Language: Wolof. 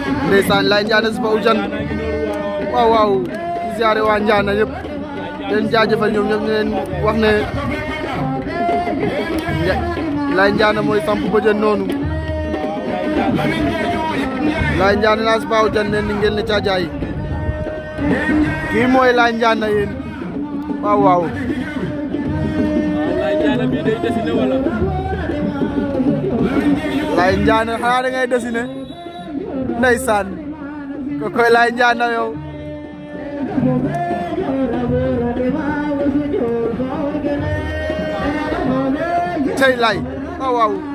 lại ndeysaan lay njaan si faw jan waaw waaw ziare waa njaan ñëpp leen jaajëfal ñoom ñoom leen wax ne lay njaan mooy samp bëjën noonu lay njaan naa si faw jan leen ni ngeen ne caajaay kii mooy lay njaan na yéen waaw waaw lay njaan xanaa da ngay dessiné ndeysaan ko koy laay njaana yow tey lay waaw waaw